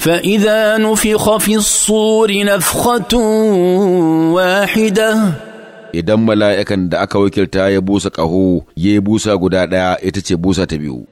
فاذا نفخ في الصور نفخه واحده idan mala'ikan da aka wakilta ya busa ƙaho ya busa guda ɗaya ita ce busa ta biyu